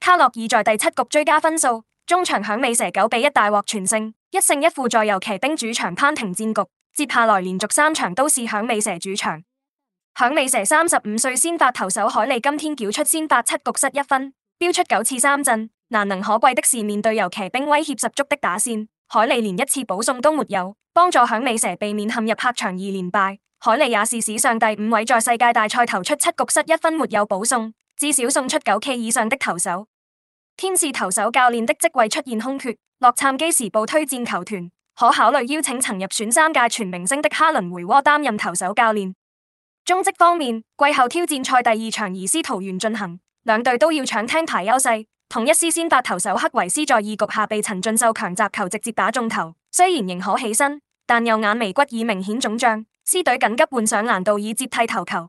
卡洛爾在第七局追加分數，中場響尾蛇九比一大獲全勝，一勝一負在遊騎兵主場扳平戰局。接下來連續三場都是響尾蛇主場，響尾蛇三十五歲先發投手海利今天繳出先發七局失一分，飆出九次三振。難能可貴的是，面對遊騎兵威脅十足的打線，海利連一次保送都沒有，幫助響尾蛇避免陷入客場二連敗。海利也是史上第五位在世界大賽投出七局失一分沒有保送至少送出九 K 以上的投手，天使投手教練的職位出現空缺。洛杉磯時報推薦球團可考慮邀請曾入選三屆全明星的哈倫回窩擔任投手教練。中職方面，季後挑戰賽第二場移師桃園進行，兩隊都要搶聽牌優勢。統一獅先發投手克維斯在二局下被陳俊秀強襲球直接打中頭，雖然仍可起身，但右眼眉骨已明顯腫脹，獅隊緊急換上難度以接替投球。